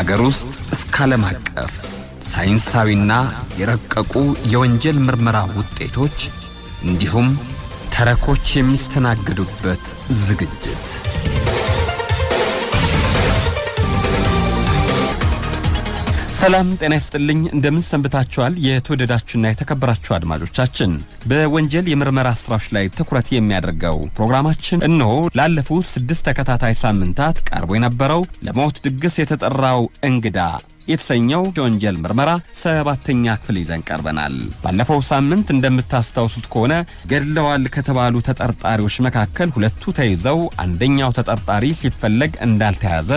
ከአገር ውስጥ እስከ ዓለም አቀፍ ሳይንሳዊና የረቀቁ የወንጀል ምርመራ ውጤቶች እንዲሁም ተረኮች የሚስተናገዱበት ዝግጅት ሰላም ጤና ይስጥልኝ። እንደምን ሰንብታችኋል? የተወደዳችሁና የተከበራችሁ አድማጮቻችን በወንጀል የምርመራ ስራዎች ላይ ትኩረት የሚያደርገው ፕሮግራማችን እነሆ ላለፉት ስድስት ተከታታይ ሳምንታት ቀርቦ የነበረው ለሞት ድግስ የተጠራው እንግዳ የተሰኘው የወንጀል ምርመራ ሰባተኛ ክፍል ይዘን ቀርበናል። ባለፈው ሳምንት እንደምታስታውሱት ከሆነ ገድለዋል ከተባሉ ተጠርጣሪዎች መካከል ሁለቱ ተይዘው አንደኛው ተጠርጣሪ ሲፈለግ እንዳልተያዘ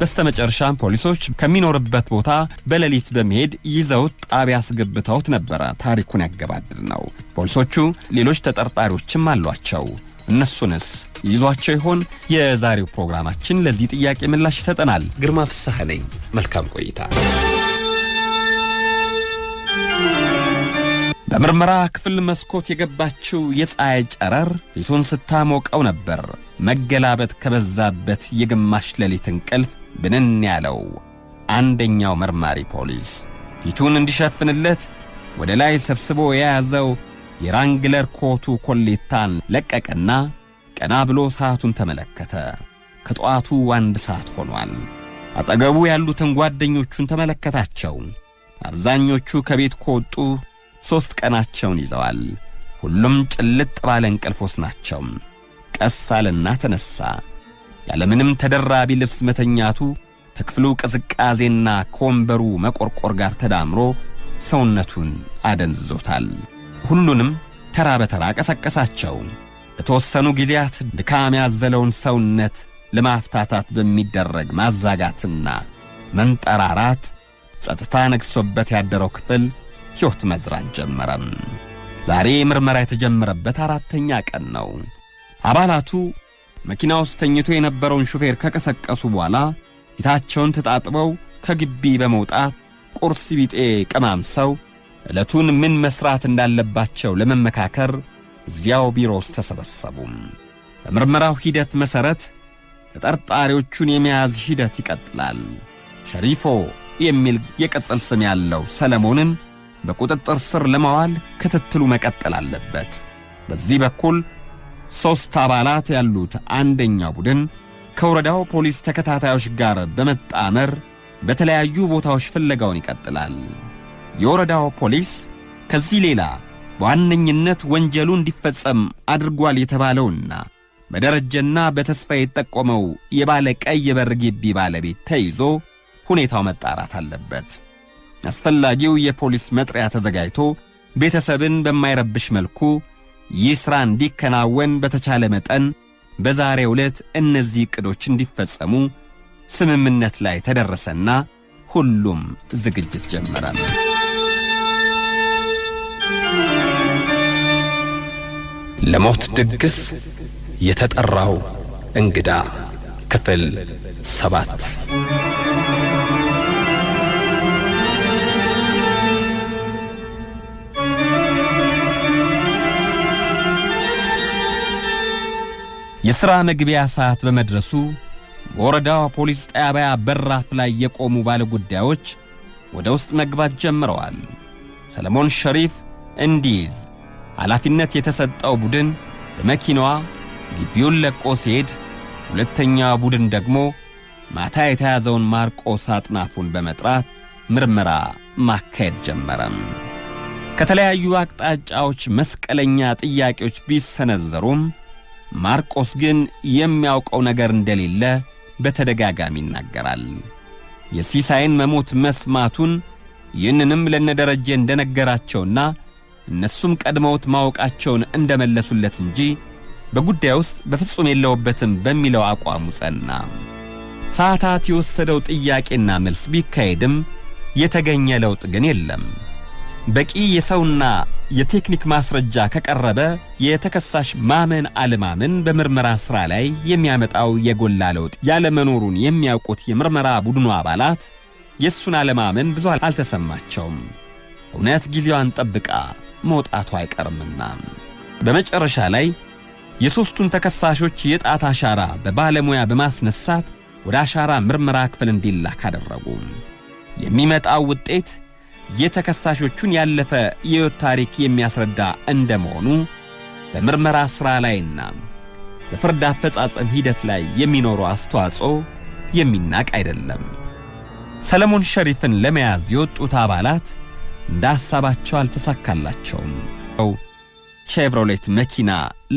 በስተመጨረሻም ፖሊሶች ከሚኖርበት ቦታ በሌሊት በመሄድ ይዘውት ጣቢያ አስገብተውት ነበረ። ታሪኩን ያገባድል ነው። ፖሊሶቹ ሌሎች ተጠርጣሪዎችም አሏቸው። እነሱንስ ይዟቸው ይሆን? የዛሬው ፕሮግራማችን ለዚህ ጥያቄ ምላሽ ይሰጠናል። ግርማ ፍሳህ ነኝ። መልካም ቆይታ። በምርመራ ክፍል መስኮት የገባችው የፀሐይ ጨረር ፊቱን ስታሞቀው ነበር። መገላበት ከበዛበት የግማሽ ሌሊት እንቅልፍ ብንን ያለው አንደኛው መርማሪ ፖሊስ ፊቱን እንዲሸፍንለት ወደ ላይ ሰብስቦ የያዘው የራንግለር ኮቱ ኮሌታን ለቀቀና ቀና ብሎ ሰዓቱን ተመለከተ። ከጠዋቱ አንድ ሰዓት ሆኗል። አጠገቡ ያሉትን ጓደኞቹን ተመለከታቸው። አብዛኞቹ ከቤት ከወጡ ሦስት ቀናቸውን ይዘዋል። ሁሉም ጭልጥ ባለ እንቅልፎስ ናቸው። ቀስ አለና ተነሣ። ያለምንም ተደራቢ ልብስ መተኛቱ ከክፍሉ ቅዝቃዜና ከወንበሩ መቆርቆር ጋር ተዳምሮ ሰውነቱን አደንዝዞታል። ሁሉንም ተራ በተራ ቀሰቀሳቸው። በተወሰኑ ጊዜያት ድካም ያዘለውን ሰውነት ለማፍታታት በሚደረግ ማዛጋትና መንጠራራት ጸጥታ ነግሶበት ያደረው ክፍል ሕይወት መዝራት ጀመረም። ዛሬ ምርመራ የተጀመረበት አራተኛ ቀን ነው። አባላቱ መኪና ውስጥ ተኝቶ የነበረውን ሹፌር ከቀሰቀሱ በኋላ ፊታቸውን ተጣጥበው ከግቢ በመውጣት ቁርስ ቢጤ ቀማምሰው ዕለቱን ምን መሥራት እንዳለባቸው ለመመካከር እዚያው ቢሮ ውስጥ ተሰበሰቡ። በምርመራው ሂደት መሠረት ተጠርጣሪዎቹን የመያዝ ሂደት ይቀጥላል። ሸሪፎ የሚል የቅጽል ስም ያለው ሰለሞንን በቁጥጥር ስር ለማዋል ክትትሉ መቀጠል አለበት። በዚህ በኩል ሦስት አባላት ያሉት አንደኛው ቡድን ከወረዳው ፖሊስ ተከታታዮች ጋር በመጣመር በተለያዩ ቦታዎች ፍለጋውን ይቀጥላል። የወረዳው ፖሊስ ከዚህ ሌላ በዋነኝነት ወንጀሉ እንዲፈጸም አድርጓል የተባለውና በደረጀና በተስፋ የተጠቆመው የባለ ቀይ በር ግቢ ባለቤት ተይዞ ሁኔታው መጣራት አለበት። አስፈላጊው የፖሊስ መጥሪያ ተዘጋጅቶ ቤተሰብን በማይረብሽ መልኩ ይህ ሥራ እንዲከናወን በተቻለ መጠን በዛሬ ዕለት እነዚህ ዕቅዶች እንዲፈጸሙ ስምምነት ላይ ተደረሰና ሁሉም ዝግጅት ጀመራል። ለሞት ድግስ የተጠራው እንግዳ ክፍል ሰባት የሥራ መግቢያ ሰዓት በመድረሱ በወረዳዋ ፖሊስ ጣቢያ በራፍ ላይ የቆሙ ባለጉዳዮች ወደ ውስጥ መግባት ጀምረዋል። ሰለሞን ሸሪፍ እንዲይዝ ኃላፊነት የተሰጠው ቡድን በመኪናዋ ግቢውን ለቆ ሲሄድ፣ ሁለተኛ ቡድን ደግሞ ማታ የተያዘውን ማርቆስ አጥናፉን በመጥራት ምርመራ ማካሄድ ጀመረም። ከተለያዩ አቅጣጫዎች መስቀለኛ ጥያቄዎች ቢሰነዘሩም ማርቆስ ግን የሚያውቀው ነገር እንደሌለ በተደጋጋሚ ይናገራል። የሲሳይን መሞት መስማቱን ይህንንም ለነደረጀ እንደነገራቸውና እነሱም ቀድመውት ማወቃቸውን እንደመለሱለት እንጂ በጉዳይ ውስጥ በፍጹም የለውበትም በሚለው አቋሙ ጸና። ሰዓታት የወሰደው ጥያቄና መልስ ቢካሄድም የተገኘ ለውጥ ግን የለም። በቂ የሰውና የቴክኒክ ማስረጃ ከቀረበ የተከሳሽ ማመን አለማመን በምርመራ ሥራ ላይ የሚያመጣው የጎላ ለውጥ ያለመኖሩን የሚያውቁት የምርመራ ቡድኑ አባላት የእሱን አለማመን ብዙ አልተሰማቸውም። እውነት ጊዜዋን ጠብቃ መውጣቱ አይቀርምና በመጨረሻ ላይ የሦስቱን ተከሳሾች የጣት አሻራ በባለሙያ በማስነሳት ወደ አሻራ ምርመራ ክፍል እንዲላክ አደረጉ። የሚመጣው ውጤት የተከሳሾቹን ያለፈ የሕይወት ታሪክ የሚያስረዳ እንደመሆኑ በምርመራ ሥራ ላይና በፍርድ አፈጻጸም ሂደት ላይ የሚኖረው አስተዋጽኦ የሚናቅ አይደለም። ሰለሞን ሸሪፍን ለመያዝ የወጡት አባላት እንደ ሐሳባቸው አልተሳካላቸውም። ቼቭሮሌት መኪና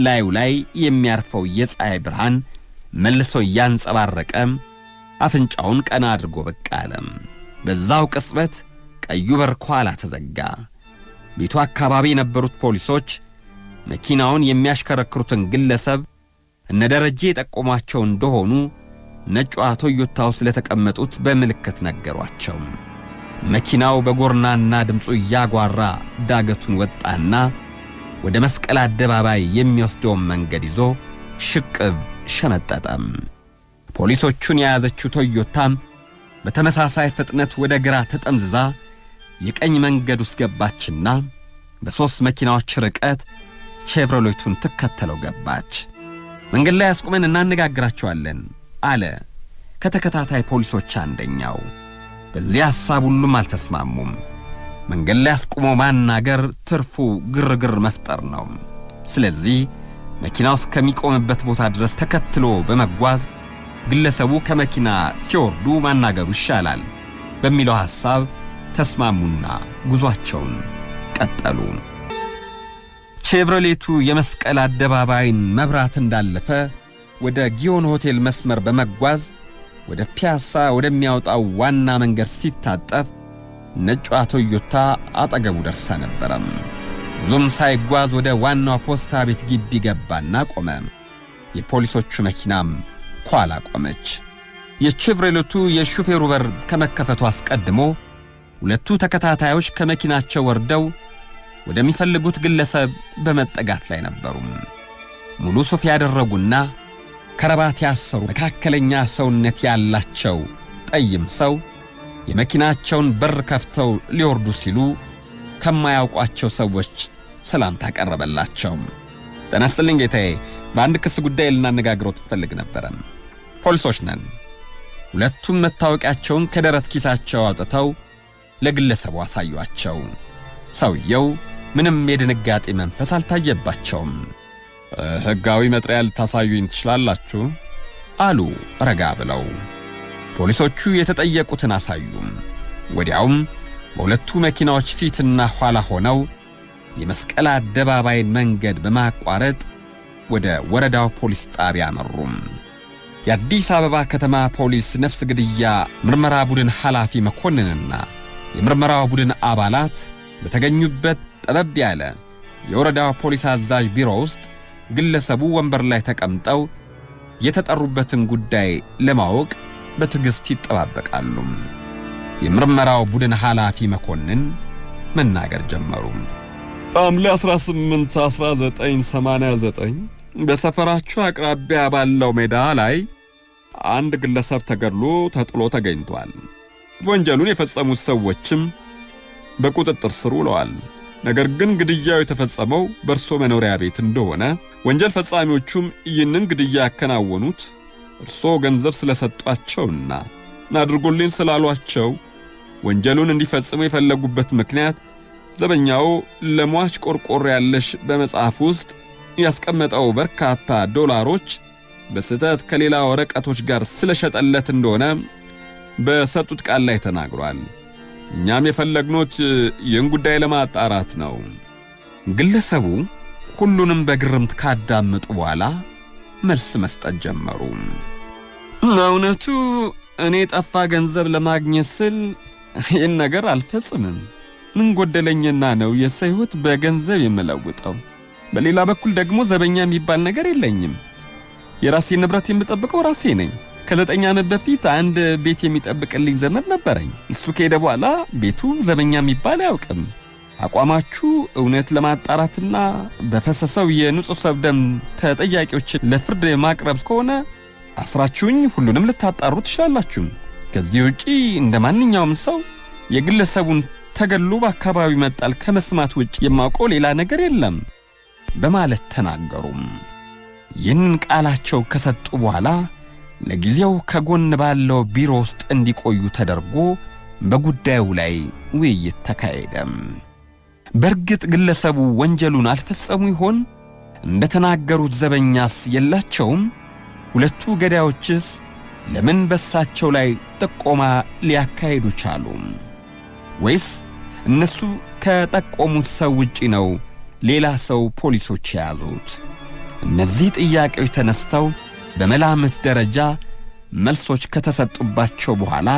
ላዩ ላይ የሚያርፈው የፀሐይ ብርሃን መልሶ እያንጸባረቀ አፍንጫውን ቀና አድርጎ ብቅ በዛው ቅጽበት ቀዩ በር ከኋላ ተዘጋ። ቤቱ አካባቢ የነበሩት ፖሊሶች መኪናውን የሚያሽከረክሩትን ግለሰብ እነ ደረጄ የጠቆሟቸው እንደሆኑ ነጯ ቶዮታ ውስጥ ለተቀመጡት በምልክት ነገሯቸው። መኪናው በጎርናና ድምፁ እያጓራ ዳገቱን ወጣና ወደ መስቀል አደባባይ የሚወስደውን መንገድ ይዞ ሽቅብ ሸመጠጠም። ፖሊሶቹን የያዘችው ቶዮታም በተመሳሳይ ፍጥነት ወደ ግራ ተጠምዝዛ የቀኝ መንገድ ውስጥ ገባችና በሦስት መኪናዎች ርቀት ቼቭሮሌቱን ትከተለው ገባች። መንገድ ላይ አስቁመን እናነጋግራቸዋለን አለ ከተከታታይ ፖሊሶች አንደኛው። በዚህ ሐሳብ ሁሉም አልተስማሙም። መንገድ ላይ አስቁሞ ማናገር ትርፉ ግርግር መፍጠር ነው። ስለዚህ መኪናው እስከሚቆምበት ቦታ ድረስ ተከትሎ በመጓዝ ግለሰቡ ከመኪና ሲወርዱ ማናገሩ ይሻላል በሚለው ሐሳብ ተስማሙና ጉዟቸውን ቀጠሉ። ቼቭሮሌቱ የመስቀል አደባባይን መብራት እንዳለፈ ወደ ጊዮን ሆቴል መስመር በመጓዝ ወደ ፒያሳ ወደሚያወጣው ዋና መንገድ ሲታጠፍ ነጯ ቶዮታ አጠገቡ ደርሳ ነበረም። ብዙም ሳይጓዝ ወደ ዋናው ፖስታ ቤት ግቢ ገባና ቆመ። የፖሊሶቹ መኪናም ኋላ ቆመች። የቼቭሮሌቱ የሹፌሩ በር ከመከፈቱ አስቀድሞ ሁለቱ ተከታታዮች ከመኪናቸው ወርደው ወደሚፈልጉት ግለሰብ በመጠጋት ላይ ነበሩም። ሙሉ ሱፍ ያደረጉና ከረባት ያሰሩ መካከለኛ ሰውነት ያላቸው ጠይም ሰው የመኪናቸውን በር ከፍተው ሊወርዱ ሲሉ ከማያውቋቸው ሰዎች ሰላምታ ቀረበላቸው። ጤና ይስጥልኝ ጌታዬ፣ በአንድ ክስ ጉዳይ ልናነጋግሮት ትፈልግ ነበረ። ፖሊሶች ነን። ሁለቱም መታወቂያቸውን ከደረት ኪሳቸው አውጥተው ለግለሰቡ አሳዩአቸው። ሰውየው ምንም የድንጋጤ መንፈስ አልታየባቸውም። ሕጋዊ መጥሪያ ልታሳዩኝ ትችላላችሁ? አሉ ረጋ ብለው። ፖሊሶቹ የተጠየቁትን አሳዩም። ወዲያውም በሁለቱ መኪናዎች ፊትና ኋላ ሆነው የመስቀል አደባባይን መንገድ በማቋረጥ ወደ ወረዳው ፖሊስ ጣቢያ መሩም። የአዲስ አበባ ከተማ ፖሊስ ነፍስ ግድያ ምርመራ ቡድን ኃላፊ መኮንንና የምርመራው ቡድን አባላት በተገኙበት ጠበብ ያለ የወረዳው ፖሊስ አዛዥ ቢሮ ውስጥ ግለሰቡ ወንበር ላይ ተቀምጠው የተጠሩበትን ጉዳይ ለማወቅ በትዕግሥት ይጠባበቃሉ። የምርመራው ቡድን ኃላፊ መኮንን መናገር ጀመሩ። ሐምሌ 18 1989 በሰፈራችሁ አቅራቢያ ባለው ሜዳ ላይ አንድ ግለሰብ ተገድሎ ተጥሎ ተገኝቷል። ወንጀሉን የፈጸሙት ሰዎችም በቁጥጥር ስር ውለዋል። ነገር ግን ግድያው የተፈጸመው በእርሶ መኖሪያ ቤት እንደሆነ ወንጀል ፈጻሚዎቹም ይህንን ግድያ ያከናወኑት እርሶ ገንዘብ ስለሰጧቸውና አድርጎልኝ ስላሏቸው ወንጀሉን እንዲፈጽሙ የፈለጉበት ምክንያት ዘበኛው ለሟች ቆርቆሮ ያለሽ በመጽሐፍ ውስጥ ያስቀመጠው በርካታ ዶላሮች በስህተት ከሌላ ወረቀቶች ጋር ስለሸጠለት እንደሆነ በሰጡት ቃል ላይ ተናግሯል። እኛም የፈለግኖት ይህን ጉዳይ ለማጣራት ነው። ግለሰቡ ሁሉንም በግርምት ካዳመጡ በኋላ መልስ መስጠት ጀመሩ። እውነቱ እኔ ጠፋ ገንዘብ ለማግኘት ስል ይህን ነገር አልፈጽምም። ምን ጎደለኝና ነው የሰው ሕይወት በገንዘብ የምለውጠው? በሌላ በኩል ደግሞ ዘበኛ የሚባል ነገር የለኝም። የራሴን ንብረት የምጠብቀው ራሴ ነኝ። ከዘጠኝ ዓመት በፊት አንድ ቤት የሚጠብቅልኝ ዘመድ ነበረኝ። እሱ ከሄደ በኋላ ቤቱ ዘበኛ የሚባል አያውቅም። አቋማችሁ እውነት ለማጣራትና በፈሰሰው የንጹሕ ሰብ ደም ተጠያቂዎችን ለፍርድ ማቅረብ ከሆነ አስራችሁኝ ሁሉንም ልታጣሩ ትችላላችሁ። ከዚህ ውጪ እንደ ማንኛውም ሰው የግለሰቡን ተገሎ በአካባቢ መጣል ከመስማት ውጭ የማውቀው ሌላ ነገር የለም በማለት ተናገሩም። ይህንን ቃላቸው ከሰጡ በኋላ ለጊዜው ከጎን ባለው ቢሮ ውስጥ እንዲቆዩ ተደርጎ በጉዳዩ ላይ ውይይት ተካሄደም። በእርግጥ ግለሰቡ ወንጀሉን አልፈጸሙ ይሆን? እንደ ተናገሩት ዘበኛስ የላቸውም? ሁለቱ ገዳዮችስ ለምን በሳቸው ላይ ጥቆማ ሊያካሂዱ ቻሉ? ወይስ እነሱ ከጠቆሙት ሰው ውጪ ነው ሌላ ሰው ፖሊሶች የያዙት? እነዚህ ጥያቄዎች ተነስተው በመላምት ደረጃ መልሶች ከተሰጡባቸው በኋላ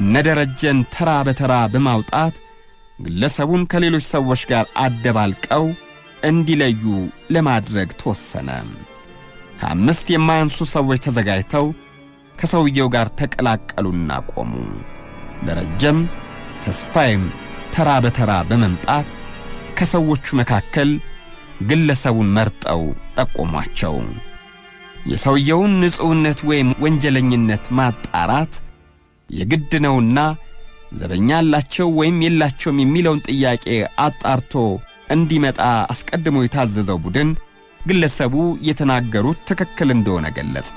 እነ ደረጀን ተራ በተራ በማውጣት ግለሰቡን ከሌሎች ሰዎች ጋር አደባልቀው እንዲለዩ ለማድረግ ተወሰነ። ከአምስት የማያንሱ ሰዎች ተዘጋጅተው ከሰውየው ጋር ተቀላቀሉና ቆሙ። ደረጀም ተስፋዬም ተራ በተራ በመምጣት ከሰዎቹ መካከል ግለሰቡን መርጠው ጠቆሟቸው። የሰውየውን ንጹሕነት ወይም ወንጀለኝነት ማጣራት የግድ ነውና ዘበኛ አላቸው ወይም የላቸውም የሚለውን ጥያቄ አጣርቶ እንዲመጣ አስቀድሞ የታዘዘው ቡድን ግለሰቡ የተናገሩት ትክክል እንደሆነ ገለጸ።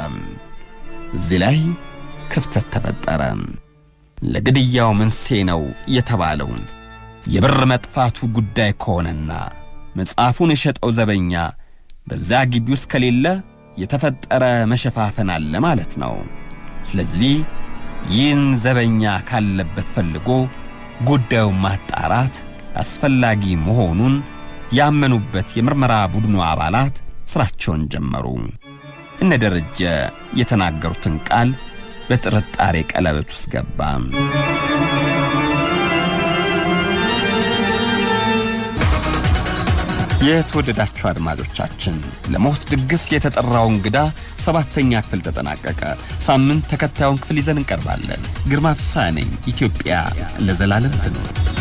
እዚህ ላይ ክፍተት ተፈጠረ። ለግድያው መንስኤ ነው የተባለው የብር መጥፋቱ ጉዳይ ከሆነና መጽሐፉን የሸጠው ዘበኛ በዛ ግቢ ውስጥ ከሌለ የተፈጠረ መሸፋፈን አለ ማለት ነው። ስለዚህ ይህን ዘበኛ ካለበት ፈልጎ ጉዳዩን ማጣራት አስፈላጊ መሆኑን ያመኑበት የምርመራ ቡድኑ አባላት ስራቸውን ጀመሩ። እነ ደረጀ የተናገሩትን ቃል በጥርጣሬ ቀለበት ውስጥ ገባ። የተወደዳችሁ አድማጮቻችን ለሞት ድግስ የተጠራው እንግዳ ሰባተኛ ክፍል ተጠናቀቀ። ሳምንት ተከታዩን ክፍል ይዘን እንቀርባለን። ግርማ ፍሳ ነኝ። ኢትዮጵያ ለዘላለም ትኖር።